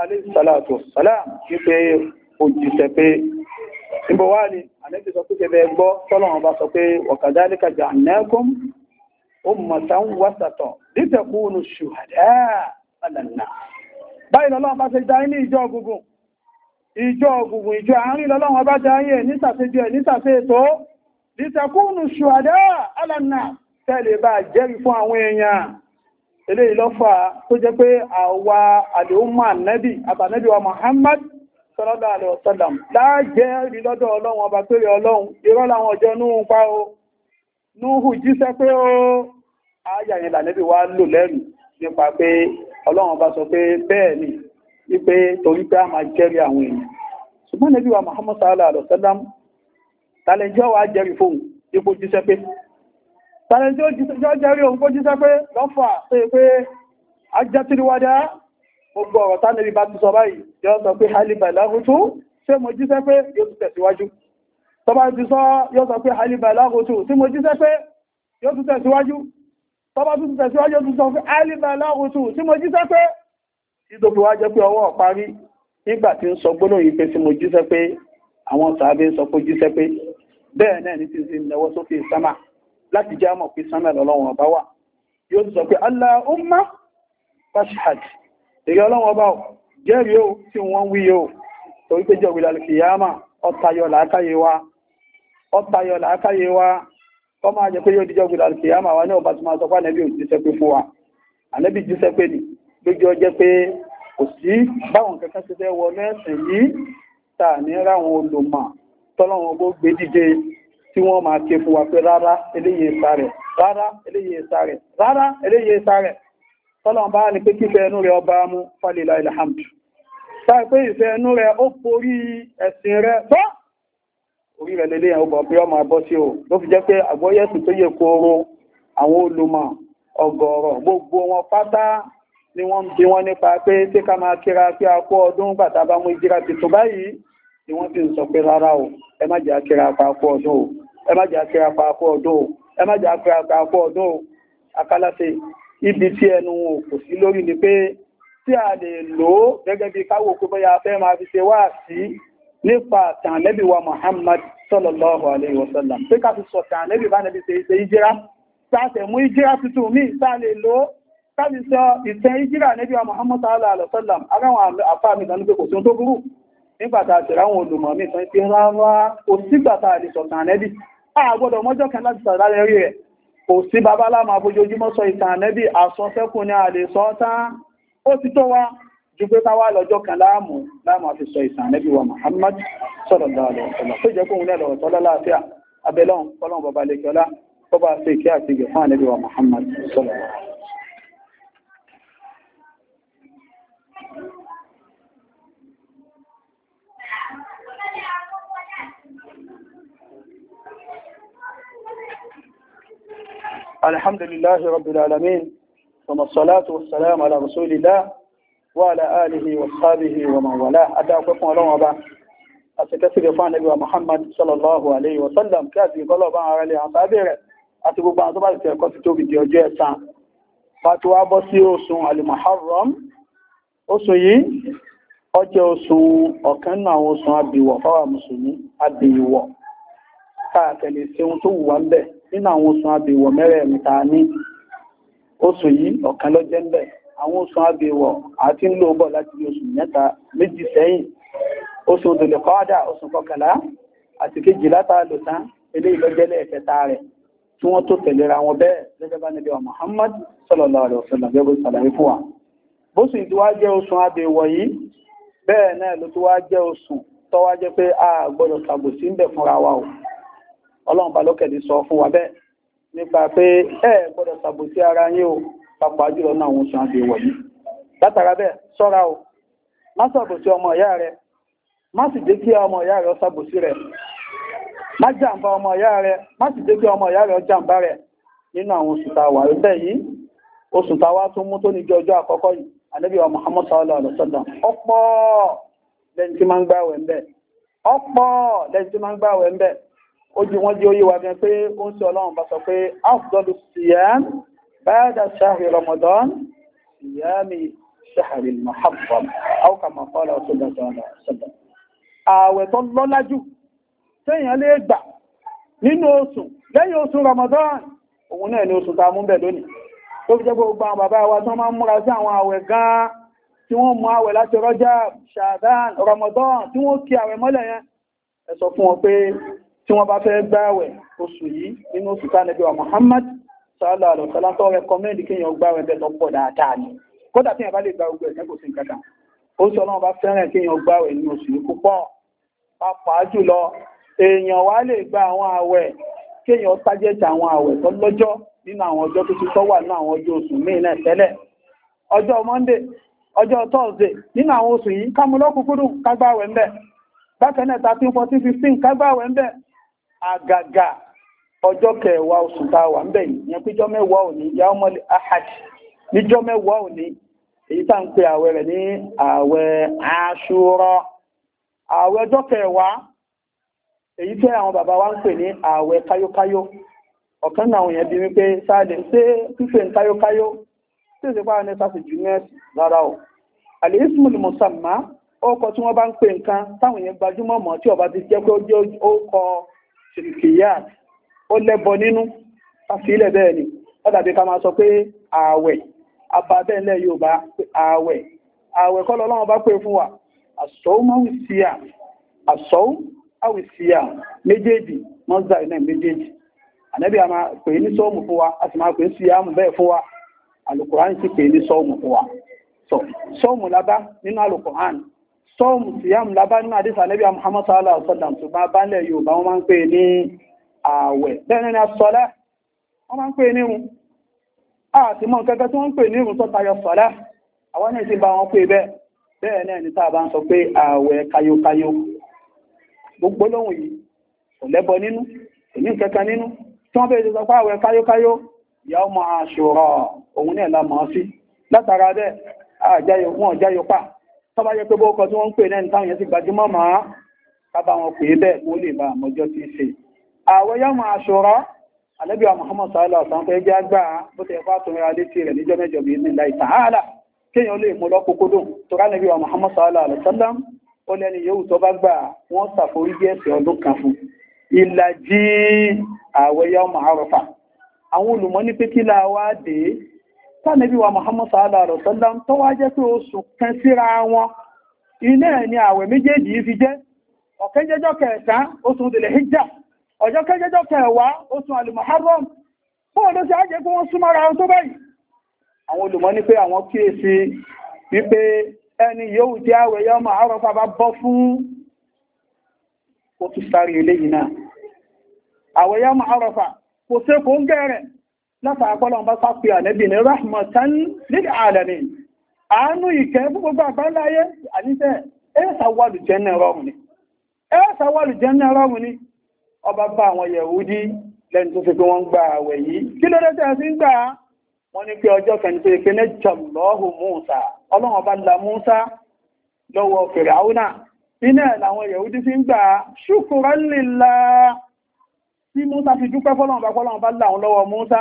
A: alaihi salatu salam ní pé òjìṣẹ́ pé níbo wá ní àlẹ́bí sọ pé kẹfẹ́ gbọ́ tọ́lọ́wọ́n bá sọ pé wa kadhalika ja'alnakum ummatan wasatan litakunu shuhada'a 'ala an-nas báyìí lọ́lọ́wọ́n bá ṣe dá ní ìjọ ogungun ìjọ ogungun ìjọ àárín lọ́lọ́wọ́n bá dá yẹ nísàṣẹ́jọ nísàṣẹ́ ètò litakunu shuhada'a 'ala tẹ́lẹ̀ bá jẹ́rìí fún àwọn èèyàn eléyìí ló fà tó jẹ́ pé àwa àdéhùnmà nẹ́bì àbànẹ́bì wa Muhammad sọ́lọ́dọ̀ àlẹ́ ọ̀sọ́dàm láàjẹ́rìí lọ́dọ̀ ọlọ́run ọba péré ọlọ́run irọ́ làwọn ọjọ́ núhù pa o núhù jíṣẹ́ pé ó ayàyìn lànẹ́bì wa lò lẹ́nu nípa pé ọlọ́run ọba sọ pé bẹ́ẹ̀ ni wípé torí pé a máa jẹ́rìí àwọn èèyàn ṣùgbọ́n nẹ́bì wa Muhammad sọ́lọ́dọ̀ àlẹ́ ọ̀sọ́dàm tàlẹ́jọ́ wa jẹ́rìí fóun ipò jíṣẹ́ pé tàbí tí ó jẹ́rí ohun kó jíṣẹ́ pé lọ́fà tó yẹ pé ajẹ́tìríwádá gbogbo ọ̀rọ̀ tá níbi bá ti sọ báyìí yóò sọ pé halibà láhútú ṣe mo jíṣẹ́ pé yóò tún tẹ̀síwájú tó bá ti sọ yóò sọ pé halibà láhútú tí mo jíṣẹ́ pé yóò tún tẹ̀síwájú tó bá tún tẹ̀síwájú yóò tún sọ pé halibà láhútú tí mo jíṣẹ́ pé títòkì wá jẹ́ pé nígbà tí ń sọ gbóná yìí pé tí mo jíṣẹ́ pé àwọn sàábé sọ pé jíṣẹ́ pé bẹ́ẹ̀ náà ní ti ń lọ́wọ́ sókè sámà láti já mọ̀ pé sánmà lọ́lọ́wọ̀n ọba wà yóò sọ pé Allahumma fashhad èyí ọlọ́wọ̀n ọba jẹ́rìí ó tí wọ́n wí yóò torí pé jọ̀wé lalùkìyàmà ọtayọ̀ làákàyè wa ọtayọ̀ làákàyè wa kọ́ máa jẹ́ pé yóò díjọ́ gbé làákàyàmà wa ní ọba tí máa sọ pé ànẹ́bí ò jíṣẹ́ pé fún wa ànẹ́bí jíṣẹ́ gbé díje tí wọ́n máa ké fún wa pé rárá eléyìí ìsá rẹ̀ rárá eléyìí ìsá rẹ̀ rárá eléyìí ìsá tọ́lọ̀n bá ní pé kífẹ́ ẹnu rẹ̀ ọba mú falila ilhamdu sáà pé ìfẹ́ ẹnu rẹ̀ ó porí ẹ̀sìn rẹ̀ tọ́ orí rẹ̀ lélẹ́yìn ọgbọ̀n pé ọmọ abọ́ sí o ló fi jẹ́ pé àgbọ́yẹ̀sìn tó yẹ kóró àwọn olùmọ̀ ọ̀gọ̀ọ̀rọ̀ gbogbo wọn pátá ni wọ́n bí wọ́n nípa pé tí ká máa kíra pé a kó ọdún bàtà bá mú ìjíra ti tó báyìí ni wọ́n ti ń sọ pé rárá o ẹ má jẹ́ akíra pa kó ọdún o ẹ má jà pé apá akọ ọdún o ẹ má jà pé apá akọ ọdún o akálàṣe ibi tí ẹnu wọn kò sí lórí ni pé tí a lè lò ó gẹ́gẹ́ bí káwò pé bóyá fẹ́ máa fi ṣe wá sí nípa tàn lẹ́bí wa Muhammad sallallahu alaihi wasallam pé ká fi sọ tàn lẹ́bí bá nẹ́bí ṣe ṣe ìjírá sáàtẹ̀ mú ìjírá tuntun míì sáà lè lò ó kábi sọ ìtẹ́ ìjírà níbi ọmọ ọmọta aláàlọ́sọ́làm aráwọn àfáàmì tàbí kò tí ó tó burú nígbàtà àtìráwọn olùmọ̀mí tán ti rárá kò sígbàtà àdìsọ̀tàn ànẹ́bì àgbọ́dọ̀ mọ́jọ́ kan láti sàrá lẹ́rí rẹ̀ kò sí babalá máa fojoojúmọ́ sọ ìtàn ànẹ́bí àsọsẹ́kù ní àlè sọ tán ó ti tó wá ju pé táwà lọ́jọ́ kan láàmù láàmù àfi sọ ìtàn ànẹ́bí wa Muhammad sallallahu alaihi wasallam tó jẹ́ kó òun lẹ́lọ́rọ̀ tọ́lá láàfíà abẹ́lọ́n kọ́lọ́n bàbá lẹ́kọ́lá tó bá ṣe ìkẹ́ àti ìgẹ̀ fún ànẹ́bí wa Muhammad sallallahu alaihi wasallam الحمد لله رب العالمين ثم الصلاة والسلام على رسول الله وعلى آله وصحبه ومن والاه أتاكم الله أبا أتكسر فان نبي محمد صلى الله عليه وسلم كاتب الله بان عليه أصابره أتبو بان طبعا تكون تتوب دي أجوية سان فاتوا بسي أسون المحرم أسون يي ọjọ́ oṣù ọ̀kan náà àwọn oṣù àbìwọ̀ fáwà mùsùlùmí àbìwọ̀ káàkiri nínú àwọn oṣù abèwọ̀ mẹ́rẹ̀ẹ̀rin ta ní oṣù yìí ọ̀kan ló jẹ́ ńbẹ̀ àwọn oṣù abèwọ̀ àti ń lò bọ̀ láti bí oṣù mẹ́ta méjì sẹ́yìn oṣù òdòlè kọ́ádà oṣù kọkànlá àti kejìlá tá a lò tán lẹ́ẹ̀kẹta rẹ̀ tí wọ́n tó tẹ̀lera wọn bẹ́ẹ̀ gẹ́gẹ́ bá níbi Muhammad sallallahu alaihi wasallam gẹ́gẹ́ bó ṣàlàyé fún wa bó sì ti wá jẹ́ oṣù a gbọ́dọ̀ ṣàbòsí ń bẹ̀ ọlọ́run bá lókèdè sọ fún wa bẹ́ẹ̀ nípa pé ẹ gbọ́dọ̀ ṣàbòsí ara yín o pàpà jùlọ náà wọn sùn àti ìwọ̀nyí látara bẹ́ẹ̀ sọ́ra o má ṣàbòsí ọmọ ìyá rẹ má sì jẹ́ kí ọmọ ìyá rẹ ṣàbòsí rẹ má jàǹbá ọmọ ìyá rẹ má sì jẹ́ kí ọmọ ìyá rẹ jàǹbá rẹ nínú àwọn oṣù tàwà rẹ̀ yìí oṣù tàwà tó mú tó ní ọjọ́ àkọ́kọ́ yìí Ànábì wa Muhammad sallallahu ọ̀pọ̀ lẹ́yìn tí máa ń gbààwẹ̀ ń bẹ̀ ọ̀pọ̀ lẹ́yìn tí máa ń ń bẹ̀ ojú wọn jẹ́ oyé wa gan pé ó ń sọ ọlọ́run bá sọ pé afdọ́lù siyam ba'da shahri ramadan siyami shahri muharram aw kama qala ọ̀sọ̀dọ̀ sọ̀rọ̀ sọ̀dọ̀ ààwẹ̀ tó lọ́lájú téèyàn lè gbà nínú oṣù lẹ́yìn oṣù ramadan òun náà ni oṣù ta mú bẹ̀ lónìí tó fi jẹ́ wa tó máa ń múra sí àwọn ramadan tí wọ́n kí ààwẹ̀ mọ́lẹ̀ yẹn tí wọ́n bá fẹ́ gbáwẹ̀ oṣù yìí nínú oṣù tánàbí wa Muhammad sallallahu alaihi wasallam tó kí èèyàn gbáwẹ̀ bẹ́ẹ̀ tó dáadáa ni kódà tí èèyàn bá lè gba ogun ẹ̀sẹ̀ kò sí nǹkan ó sọ lọ́wọ́ bá fẹ́ràn kí èèyàn gbáwẹ̀ ní oṣù yìí púpọ̀ pàápàá gba àwọn àwẹ̀ kí àwọn àwẹ̀ tó lọ́jọ́ nínú àwọn ọjọ́ tó ti tọ́ wà nínú àwọn ọjọ́ oṣù míì náà tẹ́lẹ̀ ọjọ́ Monday ọjọ́ Thursday agaga ọjọ́ kẹwàá oṣù táwà ń bẹ̀ yẹn píjọ́ mẹ́wàá òní yà ọmọ ahad níjọ́ mẹ́wàá òní èyí tá n pe àwẹ̀ rẹ̀ ní àwẹ̀ aṣúrà àwẹ̀ ọjọ́ kẹwàá èyí tí àwọn bàbá wa ń pè ní àwẹ̀ káyókáyó ọ̀kan náà yẹn bí wípé fífẹ́ ń káyókáyó tí èsì nípa jù mẹ́ẹ̀sì rárá o ó kọ tí wọ́n bá ń pè nǹkan táwọn yẹn gbajúmọ̀ tí sirikiyat ó lẹ́bọ nínú fàfilẹ̀ bẹ́ẹ̀ ni ká máa sọ pé ààwẹ̀ abá bẹ́ẹ̀ lẹ́ Yorùbá ààwẹ̀ ààwẹ̀ kọ́ lọ́lọ́wọ́ bá pè fún wa àsọ́wọ́wìsíà méjèèjì mọ́sá iná méjèèjì ànẹ́bí a máa pè ní sọ́ọ̀mù fún wa a sì máa pè sí àmù bẹ́ẹ̀ fún wa sì pè ní sọ́ọ̀mù fún wa sọ́ọ̀mù labá nínú sọ́ọ̀mù síyàmù lábá nínú àdísà nẹ́bí Muhammad sallallahu alaihi wasallam ṣùgbọ́n abánlẹ̀ Yorùbá wọ́n máa ń pè ní ààwẹ̀ bẹ́ẹ̀ ni asọ́lá wọ́n máa ń pè nírun àti mọ́ kẹ́kẹ́ tí wọ́n pè nírun tó tayọ sọ́lá àwọn náà bá wọn pè bẹ́ẹ̀ ni tá a bá ń sọ pé ààwẹ̀ kayokayo gbogbo lóhùn yìí kò lẹ́bọ nínú èmi kẹ́kẹ́ nínú tí wọ́n bẹ̀rẹ̀ sọ pé ààwẹ̀ kayokayo yawm Ashura òun náà la mọ̀ sí látara bẹ́ẹ̀ àjáyọ wọn jáyọ pàá tọ́bá yẹ pé bókọ tí wọ́n ń pè náà táwọn yẹn ti gbajúmọ̀ máa kábà wọn pè é bẹ́ẹ̀ kó lè bá àmọ́jọ́ ti ṣe àwẹ̀ yá máa alẹ́bíà Muhammad sallallahu alaihi wasallam fẹ́ jẹ́ àgbà bó ti ẹ̀fà tó rẹ̀ adé ti rẹ̀ níjọ́ mẹ́jọ bí ní láì tààlà kéèyàn lè mú lọ́kókódò tó rá lẹ́bíà Muhammad sallallahu alaihi wasallam ó lẹ́ni yóò tó bá gbà wọ́n ṣàforíjì ẹ̀ṣẹ̀ ọdún kan fún ìlàjì àwẹ̀ yá máa rọ̀fà àwọn olùmọ́ ní pé kí la tánàbí wa Muhammad sallallahu alaihi wasallam tó wá jẹ́ pé wọn ina ni àwẹ̀ méjèèjì yìí fi jẹ́ ọ̀kẹ́jẹ́jọ́ kẹta oṣù Dhul Hijja ọjọ́ kẹjẹ́jọ́ kẹwàá oṣù al-Muharram fún ọdún a jẹ́ wọn tó báyìí àwọn olùmọ̀ ní pé àwọn látara pọ́lọ́n bá sápé ànẹ́bì ní rahmatan lil alamin àánú ìkẹ́ gbogbo àgbáláyé àníṣẹ́ ẹ́sàwọ́lù jẹ́nà rọrùn ni ẹ́sàwọ́lù jẹ́nà rọrùn ni ọba bá àwọn yẹ̀húdí lẹ́nu tó fi pé wọ́n gba àwẹ̀ yìí kí ló dẹ́tẹ̀ sí gbà wọ́n ní pé ọjọ́ kan pé pé ní Musa ọlọ́run ọba Musa lọ́wọ́ Fìràúnà iná ẹ̀ làwọn yẹ̀húdí fi ń Musa fi dúpẹ́ fọ́lọ́run bá fọ́lọ́run bá là lọ́wọ́ Musa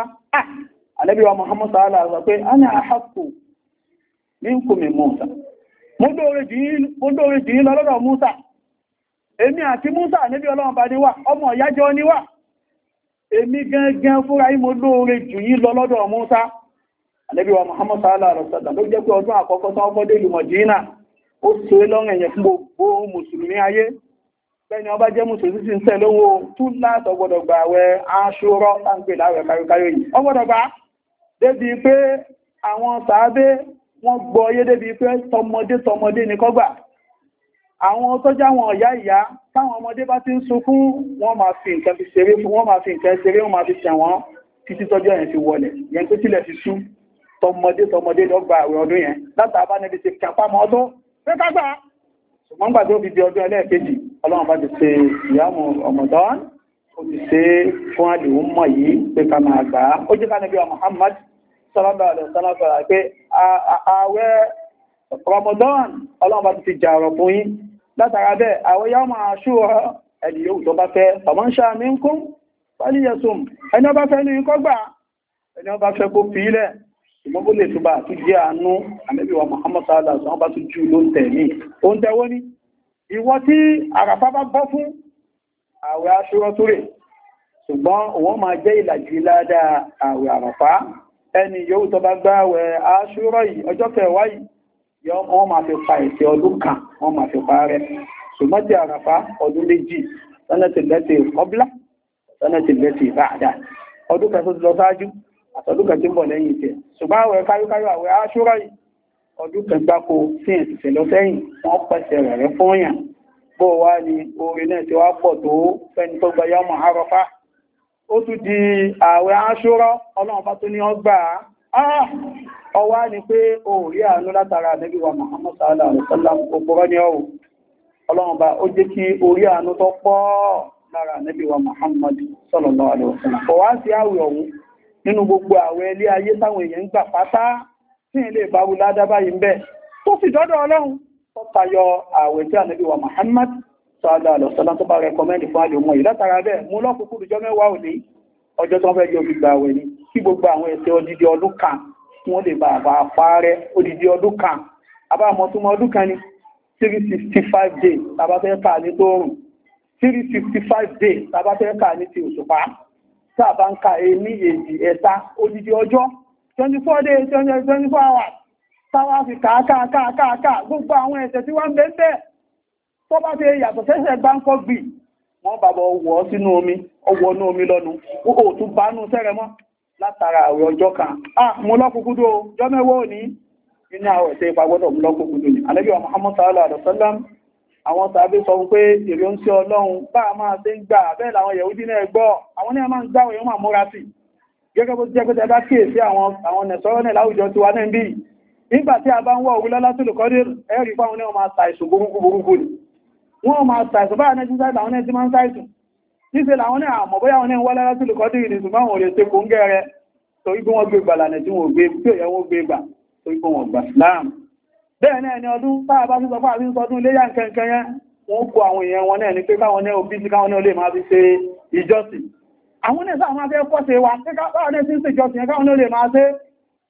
A: àlẹ́bíwá Muhammad sàálà sọ pé a ní àhàkù ní kùmí Musa mo dóore jì yín lọ́lọ́dọ̀ Musa èmi àti Musa níbi ọlọ́run ní wà ọmọ ìyájọ́ ní wà èmi gẹ́gẹ́ fúnra yí mo lóore jù yín lọ́lọ́dọ̀ Musa sàálà bẹ́ni ọba jẹ́ mùsùlùmí sí ń tẹ́ lówó tún látọ̀ gbọ́dọ̀ gbà àwẹ̀ aṣọ́rọ́ táǹpẹ̀ láwẹ̀ káríkárí yìí wọ́n gbọ́dọ̀ gbà débi pé àwọn sàábé wọ́n gbọ́ yé débi pé tọmọdé tọmọdé ní kọ́gbà àwọn tó já wọn ọ̀yá ìyá táwọn ọmọdé bá ti ń sunkún wọ́n máa fi nǹkan fi ṣeré fún wọ́n máa fi nǹkan ṣeré wọ́n máa fi tẹ̀ wọ́n títí tọ́jọ́ yẹn fi wọlẹ̀ yẹn tó tilẹ̀ fi sú tọmọdé tọmọdé lọ́gbà àwẹ̀ ọdún yẹn ṣùgbọ́n gbà tó fi di ọjọ́ ẹlẹ́ẹ̀kejì ọlọ́run bá ti ṣe ìyàmù ọmọdán ó ti ṣe fún àdìwò mọ̀ yìí pé ká máa gbà á ó jẹ́ kánàbí wa Muhammad sallallahu alaihi wasallam pé ààwẹ̀ ọmọdán ọlọ́run bá ti fi jàrọ̀ fún yín látara bẹ́ẹ̀ ààwẹ̀ yá máa ṣúra ẹni yóò tó bá fẹ́ ọmọ ń ṣá mi ń kún wálé yẹsùn ẹni ọba fẹ́ ní kọ́gbà ẹni ọba fẹ́ kó fi ṣùgbọ́n bó lè túbà àti jẹ́ àánú àmẹ́bíwà Muhammad sallallahu alaihi wasallam bá tún jù ló ń tẹ̀ ní o ń tẹ́wọ́ ní ìwọ tí àràfá bá bọ́ fún àwẹ̀ aṣúrọ́ túrè ṣùgbọ́n òun máa jẹ́ ìlàjì ládàá àwẹ̀ àràfá ẹni yóò tọ́ bá gbá àwẹ̀ aṣúrọ́ yìí ọjọ́ kẹwàá yìí wọ́n máa fi pa ẹ̀ṣẹ̀ ọdún kan àtọ́dún kan tí ń bọ̀ lẹ́yìn tẹ̀ ṣùgbọ́n àwẹ̀ káyókáyó àwẹ̀ aṣúra yìí ọdún kan gbáko sí ẹ̀sìsẹ̀ lọ sẹ́yìn wọ́n pẹ̀sẹ̀ rẹ̀ rẹ̀ fún yàn bó wá ní orin náà ti wá pọ̀ tó fẹ́ni tó gba yọmọ àrọ́fá ó tún di àwẹ̀ aṣúra ọlọ́run bá tó ní ọgbà ọwá ah! ni pé òòrí àánú látara àdẹ́bí wa Muhammad sallallahu alaihi wasallam òpòrọ́ ni ọ̀rọ̀ ọlọ́run bá ó jẹ́ kí orí àánú tó pọ̀ lára àdẹ́bí wa Muhammad sallallahu alaihi wasallam kò wá sí àwẹ̀ nínú gbogbo àwẹ̀ ilé ayé táwọn èèyàn ń gbà pátá tí ilé ìbáwu ládábá yìí ń bẹ tó sì dọ́dọ̀ ọlọ́run tó tayọ àwẹ̀ tí ànábì wa Muhammad sallallahu alaihi wasallam tó bá rẹkọmẹ́ndì fún àjò mọ́ yìí látara bẹ́ẹ̀ mú lọ́kùnkùn ni kí gbogbo àwọn ẹ̀ṣẹ̀ odidi ọdún kan wọ́n lè bá àbá 365 days tàbá fẹ́ kà ní tóòrùn òṣùpá tàbá èmi ẹ̀ta odidi ọjọ́ 24 days 24 hours táwa fi gbogbo àwọn ẹ̀ṣẹ̀ tí wọ́n bẹ́ bẹ́ẹ̀ tó bá ti yàtọ̀ sẹ́sẹ̀ gbáǹkọ́ gbì wọ́n bàbọ̀ ọwọ́ sínú omi ọwọ́ omi lọ́nu ó tún bá nú mọ́ látara ọjọ́ kan ah lọ́kùnkúndó jọ́mẹ́wọ́ inú ipa ni àwọn tàbí sọ pé èrè ń sí ọlọ́run bá a máa ṣe ń gbà bẹ́ẹ̀ làwọn yẹ̀wúdí náà gbọ́ àwọn ní a máa ń gbà wọ́n máa múra sí gẹ́gẹ́ bó ti jẹ́ pé tẹ́ bá kíyèsí àwọn nẹ̀sọ́rọ́ náà láwùjọ tiwa náà bí nígbà tí a bá ń wọ òwú lọ́lá tó lùkọ́ dé ẹ̀rí fáwọn náà máa ṣàìsùn burúkú burúkú ni wọ́n máa ṣàìsùn báyà náà ti ṣàìsùn àwọn náà ti máa ń ṣàìsùn níṣẹ́ làwọn náà àmọ́ bóyá wọn náà wọ́n lọ́lá tó lùkọ́ dé ìrìn ṣùgbọ́n àwọn òde ṣe kò ń gẹ́rẹ́ torí pé wọ́n gbé gbà lànà tí wọ́n gbé tí òyẹ́ wọ́n gbé gbà torí pé wọ́n gbà láàmù bẹ́ẹ̀ náà ni ọdún táà bá sísọ fáà sísọ ọdún iléyà nǹkan yẹn wọ́n kó àwọn èèyàn wọn náà ni pé káwọn náà òbí sí káwọn náà lè máa fi ṣe ìjọsìn àwọn náà sáà máa fẹ́ pọ́ ṣe wà pé káwọn náà sí ìjọsìn yẹn káwọn náà lè máa ṣe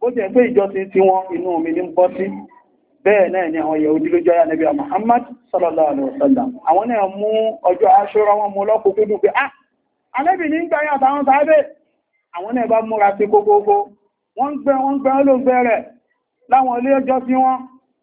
A: ó jẹ́ pé ìjọsìn tí wọn inú omi ní bọ́ sí bẹ́ẹ̀ náà ni àwọn yẹ̀wò dílójọ ya nabi Muhammad sallallahu alaihi wasallam àwọn náà mú ọjọ́ aṣọ́ra wọn mú lọ́kùnkúndùn pé ah alẹ́bì ní gbẹ̀yà àtàwọn sàábẹ̀ àwọn náà bá múra sí kókókó wọ́n gbẹ́ wọ́n gbẹ́ ló gbẹ́ rẹ̀ láwọn ilé ọjọ́ sí wọn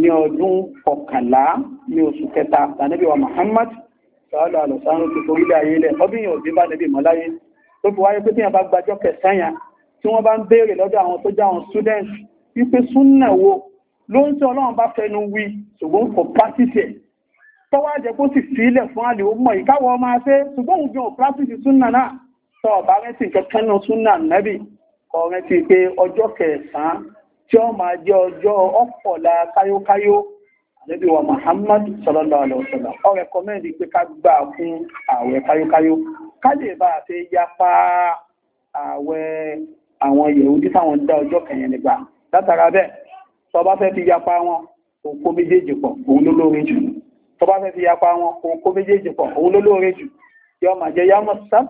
A: ní ọdún kọkànlá ní oṣù kẹta tànẹ́bí wa Muhammad sọ́ọ́lọ́ àlọ́sánú ti forí ayé lẹ̀ ọdún yìí òbí bá nẹ́bí mọ́láyé tó fi wáyé pé tí wọ́n bá gbàjọ́ kẹsàn-án tí wọ́n bá ń béèrè lọ́dọ̀ àwọn tó já àwọn students wípé súnnà wo ló ń tí ọlọ́run bá fẹnu wí ṣùgbọ́n kò pàṣíṣẹ́ tọ́wọ́ àjẹ́ kó sì sílẹ̀ fún àlèwò mọ̀ ìkáwọ́ máa ṣe ṣùgbọ́n òun fi hàn pàṣíṣì súnnà náà tọ́ ọ̀bá rẹ̀ sì kẹ́kẹ́ náà súnnà nẹ́bì ọ̀rẹ́ ti pé ọjọ́ kẹsàn-án tí ó máa jẹ́ ọjọ́ ọ̀pọ̀lá káyókáyó ànábì wa Muhammad sallallahu alaihi wasallam ó rẹ̀kọ́mẹ́ndì pé ká gbà fún ààwẹ̀ káyókáyó ká lè bá àti yapa ààwẹ̀ àwọn yẹ̀húdí táwọn dá ọjọ́ kẹyìn nígbà látara bẹ́ẹ̀ tó bá fẹ́ fi yapa wọn kò kó méjèèjì pọ̀ òun ló lóore jù tó bá fẹ́ fi yapa wọn kò kó méjèèjì pọ̀ òun ló lóore jù yọ máa jẹ yámọ̀ sáà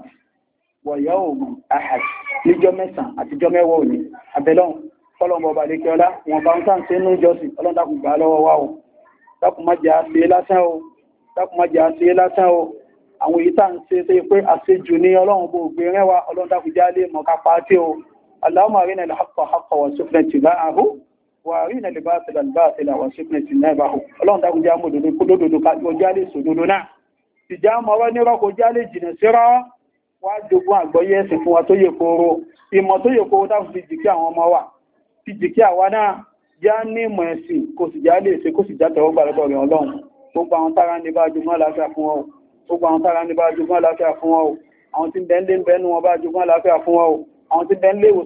A: wọ̀yọ́ òun àhàd níjọ́ mẹ́sàn-án àtijọ́ mẹ́wọ́ òní abẹ́lọ́hùn kọlọ̀mọ̀ bà lè kí ọlá wọn bá ń tàn sí inú ìjọsìn ọlọ́dàkùn gbà lọ́wọ́ wa o dákùnmájá sí lásán o dákùnmájá sí lásán o àwọn èyí tàn sí sí pé àṣejù ní ọlọ́run bó gbé rẹwà ọlọ́dàkùn já lè mọ̀ kápá tí o Allahumma arina al-haqqa haqqan warzuqna ittiba'ahu wa arina al-batila batila warzuqna ijtinabahu ọlọ́run dákùn já mọ̀ òdodo kódódodo kájọ já lè sòdodo náà ìjà mọ̀ wá nírọ́ kó já lè jìnà sírọ́ wá jogún àgbọ́yé ẹ̀sìn fún wa tó yẹ kóró ìmọ̀ tó yẹ kóró dákùn fi jì kí àwọn ọmọ wa ti jì kí àwa náà já ní ìmọ̀ ẹ̀sìn kò sì já lè ṣe kó sì já tẹ̀wọ́ gbà lọ́dọ̀ rẹ̀ ọlọ́run gbogbo àwọn tára ní bá jogún àlàáfíà fún ọ gbogbo àwọn tára ní bá jogún àlàáfíà fún ọ àwọn tí bẹ́ńlé ń bẹ́nu wọn bá jogún àlàáfíà fún ọ àwọn tí lọ́wọ́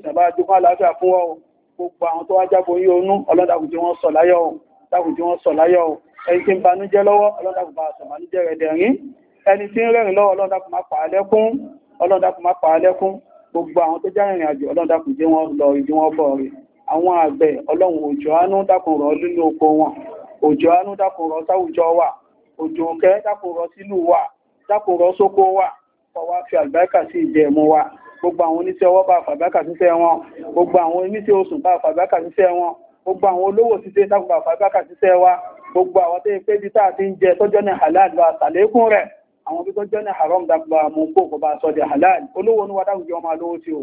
A: ọlọ́dàkùn bá sọ banújẹ́ rẹ̀ dẹ̀rín ẹni tí ń rẹ̀rìn lọ́wọ́ ọlọ́dàkùn má pa alẹ́kún ọlọ́dàkùn má pa alẹ́kún gbogbo àwọn tó já àjò ọlọ́dàkùn jẹ́ wọ́n lọ ìdí bọ̀ rẹ̀ àwọn àgbẹ̀ ọlọ́run òjò àánú dákùnrọ̀ nínú oko wọn òjò àánú dákùnrọ̀ sáwùjọ wa òjò òkẹ́ dákùnrọ̀ sílù wa dákùnrọ̀ sóko wa ọwá fi àlùbáríkà sí ìjẹ̀mú wa gbogbo àwọn oníṣẹ́ ọwọ́ bá fàbákà síṣẹ́ wọn gbogbo àwọn oníṣẹ́ oṣù bá fàbákà síṣẹ́ wọn gbogbo àwọn olówó síṣẹ́ dákùnbà fàbákà síṣẹ́ wa gbogbo àwọn tó yẹ pé bí táà ti ń jẹ tọ́jọ́ ní halal bá sàlékún rẹ̀ àwọn bí tọ́jọ́ ní haram dákùnbà mú kó bá sọ di halal olówó ní wa dákùnjẹ́ ọmọ alówó sí o